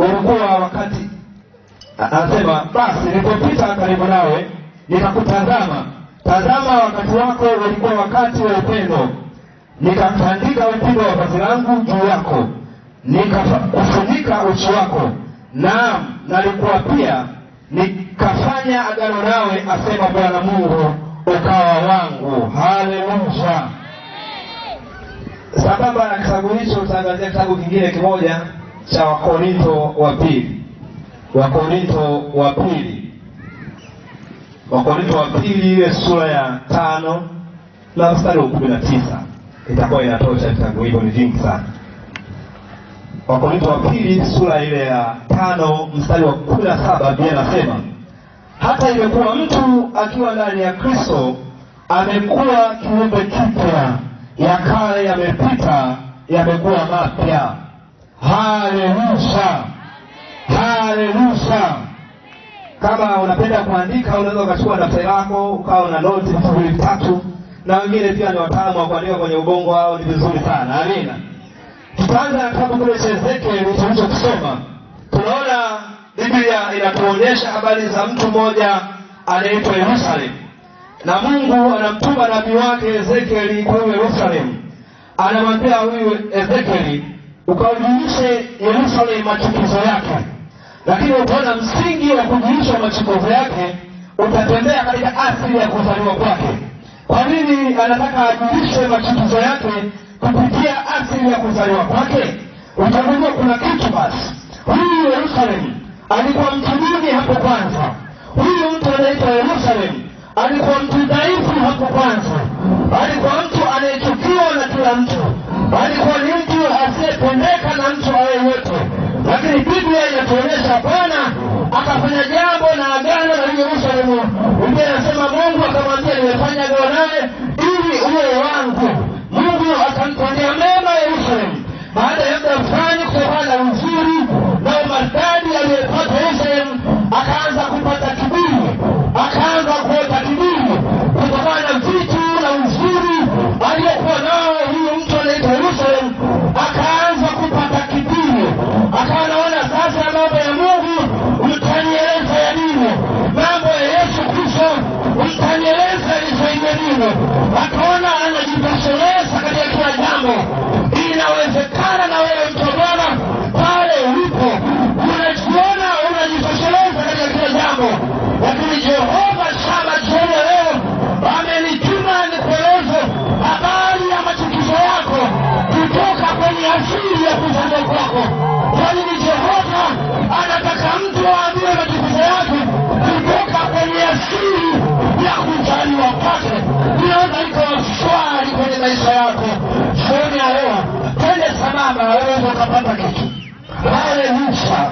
walikuwa wakati anasema basi, nilipopita karibu nawe nikakutazama, tazama, wakati wako ulikuwa wakati wa upendo, nikatandika upindo wa vazi langu juu yako, nikakufunika uchi wako, naam, nalikuwa pia nikafanya agano nawe, asema Bwana Mungu, ukawa wangu. Haleluya! Sambamba na kitabu hicho, utaangazia kitabu kingine kimoja cha wakorinto wa pili, wakorinto wa pili, wakorinto wa pili ile sura ya tano na mstari wa kumi na tisa itakuwa inatosha. Vitabu hivyo ni vingi sana. wakorinto wa pili sura ile ya tano mstari wa kumi na saba Biblia inasema hata imekuwa mtu akiwa ndani ya Kristo amekuwa kiumbe kipya, ya kale yamepita, yamekuwa mapya. Haleluya, haleluya. Kama unapenda kuandika, unaweza ukachukua daftari lako ukawa na noti mbili tatu, na wengine pia ni wataalamu wa kuandika kwenye ubongo wao, ni vizuri sana. Amina. Tutaanza na kitabu kile cha Ezekieli tulichokisoma. Tunaona Biblia inatuonyesha habari za mtu mmoja anaitwa Yerusalemu, na Mungu anamtuma nabii wake Ezekieli kwa Yerusalemu, anamwambia huyu Ezekieli ukawajulishe Yerusalemu machukizo yake, lakini utaona msingi wa kujulisha machukizo yake utatembea katika asili ya kuzaliwa kwake. Kwa nini anataka ajulishe machukizo yake kupitia asili ya kuzaliwa kwake? Utagundua kuna kitu basi. Huyu Yerusalemu alikuwa mtu duni hapo kwanza. Huyu mtu anaitwa Yerusalemu alikuwa mtu dhaifu hapo kwanza, alikuwa mtu anayechukiwa na kila mtu alikuwa ni mtu asiyependeka na mtu ayeyote, lakini Biblia inatuonyesha Bwana akafanya jambo na agano na Yerusalemu. Biblia inasema Mungu akamwambia, nimefanya agano naye ili uwe wangu. Mungu akamtendea mema Yerusalemu baada ya muda maisha yako, jioni ya leo, twende sambamba, wewe ukapata kitu. Haleluya.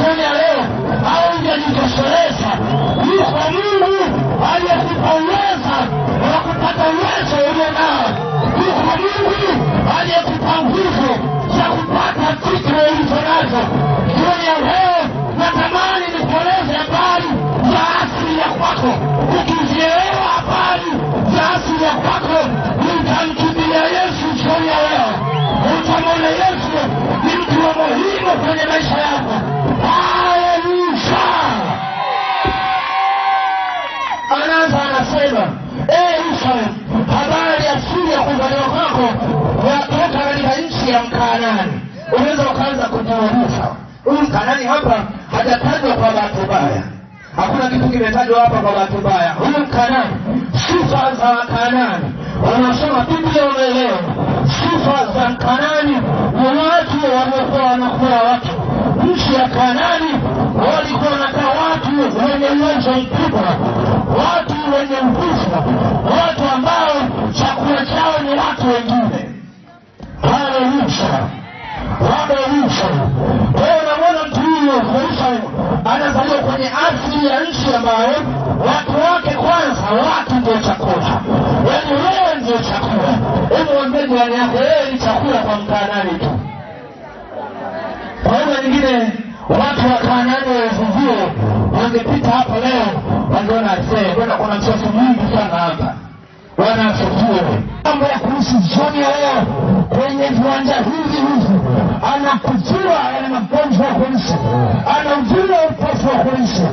kufanya leo au ungejitosheleza. kwa Mungu aliyekupa uweza wa kupata uwezo ulio nao. ni kwa Mungu aliyekupa nguvu za kupata vitu ulivyo nazo. Jioni ya leo natamani nikueleze habari za asili ya kwako. Ukizielewa habari za asili ya kwako, utamkimbilia Yesu jioni ya leo. Utamwona Yesu ni mtu wa muhimu kwenye maisha yako. ya mkanani unaweza ukaanza kujiuliza huyu mkanani hapa hajatajwa kwa bahati mbaya. Hakuna kitu kimetajwa hapa kwa bahati mbaya. Huyu mkanani sifa za Wakanaani wanasoma Biblia, unaelewa? Sifa za mkanani ni watu waliokuwa wanakula watu. Nchi ya kanani walikuwa wanakaa watu wenye uwezo mkubwa, watu wenye nguvu, watu ambao chakula chao ni watu wengine wanaisha, wanaisha. Kwa hiyo unamwona mtu huyo Mwisraeli anazaliwa kwenye asili ya nchi ambayo watu wake kwanza, watu ndio chakula, yaani wewe ndio chakula. Hebu mwambie jirani yako, wewe ni chakula kwa Mkanaani tu. Kwa hiyo nyingine, watu wa Kanaani wazuzio wangepita hapo leo wangeona, see, kwenda kuna msosi viwanja hivi hivi, anakujua ana magonjwa ya kuishi, anajua upofu wa kuishi,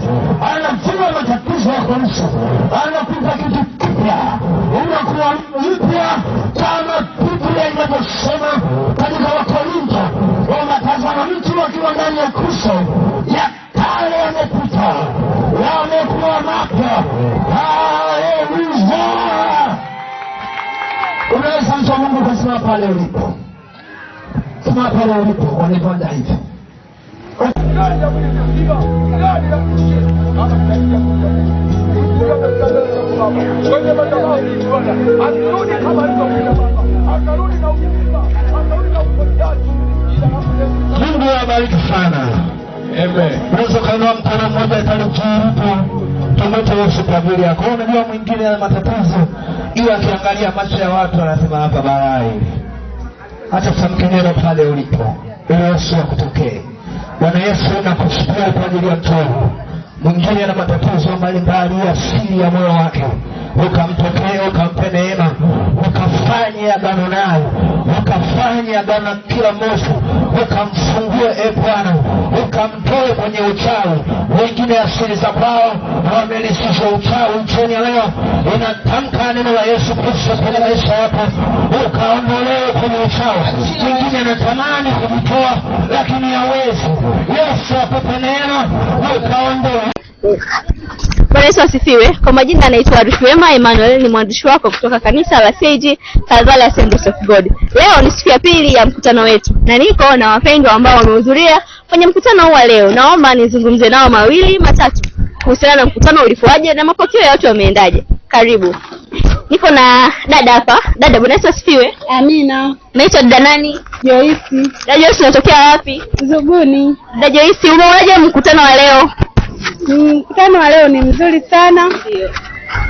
anajua matatizo ya kuishi, anakupa kitu kipya, unakuwa mpya kama Biblia inavyosema katika Wakorinto wanatazama mtu akiwa ndani ya Kristo ya kale yamepita, yamekuwa mapya. Haleluya! Unaweza mcha Mungu kasimama pale ulipo wamesimama pale walipo, wanaipanda hivi Mungu awabariki sana. Unaweza ukainua mkono mmoja italikihapa tomoto Yesu kwa ajili yako. Unajua mwingine ana matatizo, ila akiangalia macho ya watu anasema hapa balaa hata tamke pale ulipo, uruhusu akutokee. Bwana Yesu, nakushukuru kwa ajili ya mtovu mwingine na matatizo mbalimbali ya siri ya moyo wake, ukamtokee, ukampe neema, ukafanye agano nayo, ukafanye agano kila mwovu, ukamfungue e Bwana, ukamtoe kwenye uchawi tafsiri za kwao wamelisisha uchawi nchini leo. Inatamka neno la Yesu Kristo kwenye maisha yako, ukaondolewe kwenye uchawi. Mwingine anatamani kujitoa lakini hawezi. Yesu akupe neno ukaondolewe Bwana Yesu asifiwe. Kwa majina anaitwa Rufema Emmanuel, ni mwandishi wako kutoka kanisa la CAG Kalvari Assemblies of God. Leo ni siku ya pili ya mkutano wetu na niko na wapendwa ambao wamehudhuria kwenye mkutano huu wa leo. Naomba nizungumze nao mawili matatu kuhusiana na mkutano ulikuwaje na mapokeo ya watu wameendaje. Karibu. Niko na dada hapa. Dada, Bwana Yesu asifiwe. Amina. Naitwa dada nani? Joyce. Dada Joyce, unatokea wapi? Zuguni. Dada Joyce, umeonaje mkutano wa leo? Mm, mkutano wa leo ni mzuri sana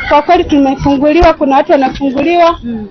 kwa kweli, tumefunguliwa, kuna watu wanafunguliwa mm.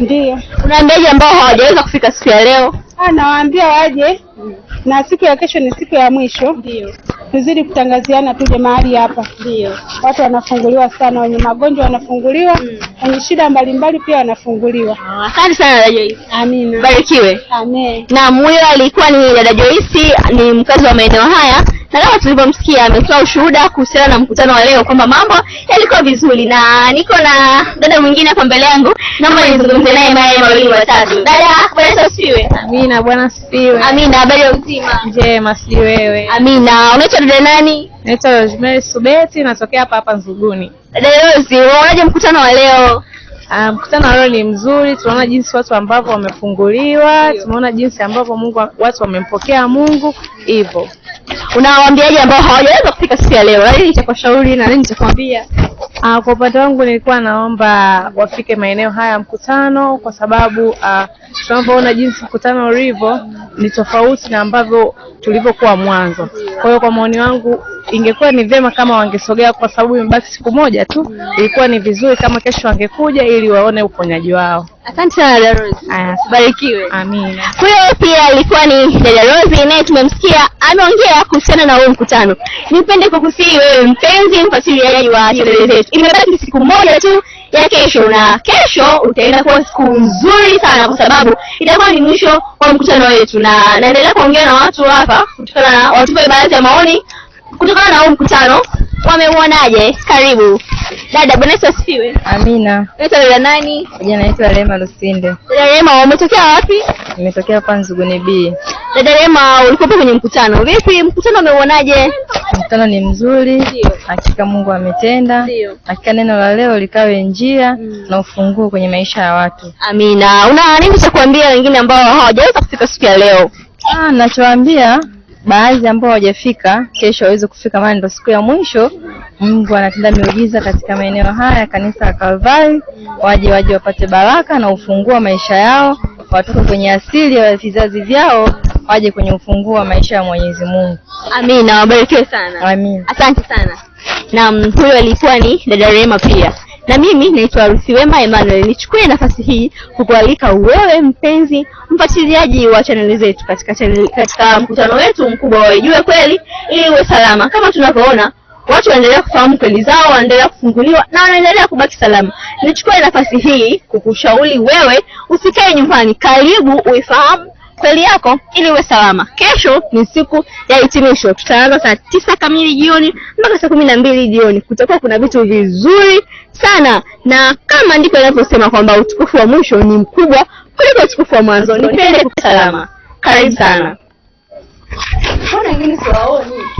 Ndio, ndege ambao hawajaweza kufika siku ya leo? Ah, nawaambia waje mm. na siku ya kesho ni siku ya mwisho. Ndio, tuzidi kutangaziana, tuje mahali hapa. Ndio, watu wanafunguliwa sana, wenye magonjwa wanafunguliwa mm. wenye shida mbalimbali pia wanafunguliwa. Oh, asante sana dada Joyce. Amina, barikiwe. Amen. Naam, huyo alikuwa ni dada Joyce, ni mkazi wa maeneo haya na kama tulivyomsikia ametoa ushuhuda kuhusiana na mkutano wa leo kwamba mambo yalikuwa vizuri, na niko na dada mwingine hapa mbele yangu, naomba nizungumze naye naye mawili watatu. Dada, bwana asifiwe. Amina, bwana asifiwe. Amina, habari ya uzima? Njema, si wewe? Amina, unaitwa dada nani? Naitwa Rosemary Subeti, natokea hapa hapa Nzuguni. Dada Rosi, unaonaje mkutano wa leo? Uh, mkutano wa leo ni mzuri, tunaona jinsi watu ambavyo wamefunguliwa, tumeona jinsi ambavyo Mungu watu wamempokea Mungu hivyo unawaambiaje ambao hawajaweza kufika siku ya leo, yaani na nini cha kushauri na nini cha kuambia? Uh, ah, kwa upande wangu nilikuwa naomba wafike maeneo haya mkutano, kwa sababu uh, tunavyoona jinsi mkutano ulivyo ni tofauti na ambavyo tulivyokuwa mwanzo. Kwa hiyo kwa maoni wangu ingekuwa ni vyema kama wangesogea, kwa sababu imebaki siku moja tu, ilikuwa ni vizuri kama kesho wangekuja ili waone uponyaji wao. Asante sana dada Rose, barikiwe. Amina. Huyo pia alikuwa ni dada Rose, naye tumemsikia ameongea kuhusiana na huo mkutano. Nipende kukusihi wewe mpenzi mfuatiliaji wa chaneli zetu, imebaki siku moja tu ya kesho, na kesho utaenda kuwa siku nzuri sana, kwa sababu itakuwa ni mwisho wa mkutano wetu, na naendelea kuongea na watu hapa kutokana na watupe baadhi ya maoni kutokana na huu mkutano wameuonaje? Karibu dada. Bwana Yesu asifiwe. Amina. Unaitwa dada nani? Jina naitwa Rema Lusinde. Dada Rema, umetokea wapi? Nimetokea hapa Nzuguni B. Dada Rema, ulikuwa kwenye mkutano. Vipi mkutano, umeuonaje? Mkutano ni mzuri, hakika Mungu ametenda, hakika neno la leo likawe njia mm, na ufunguo kwenye maisha ya watu. Amina. Una nini cha kuambia wengine ambao hawajaweza kufika siku ya leo? Ah, nachoambia baadhi ambao hawajafika kesho waweze kufika, maana ndio siku ya mwisho. Mungu anatenda miujiza katika maeneo haya kanisa la Kalvari, waje waje wapate baraka na ufunguo wa maisha yao, watoke kwenye asili ya vizazi vyao waje kwenye ufunguo wa maisha ya Mwenyezi Mungu. Amina, wabarikiwe sana. Amina, asante sana. Naam, huyo alikuwa ni dada Rema pia na mimi naitwa Ruthi Wema Emmanuel. Nichukue nafasi hii kukualika wewe mpenzi mfuatiliaji wa chaneli zetu katika chaneli, katika mkutano wetu mkubwa wa Ijue Kweli ili uwe salama. Kama tunavyoona watu wanaendelea kufahamu kweli zao, wanaendelea kufunguliwa na wanaendelea kubaki salama. Nichukue nafasi hii kukushauri wewe usikae nyumbani, karibu uifahamu kweli yako ili uwe salama. Kesho ni siku ya hitimisho, tutaanza saa tisa kamili jioni mpaka saa kumi na mbili jioni. Kutakuwa kuna vitu vizuri sana, na kama ndiko inavyosema kwamba utukufu wa mwisho ni mkubwa kuliko utukufu wa mwanzo. Nipende salama, karibu sana.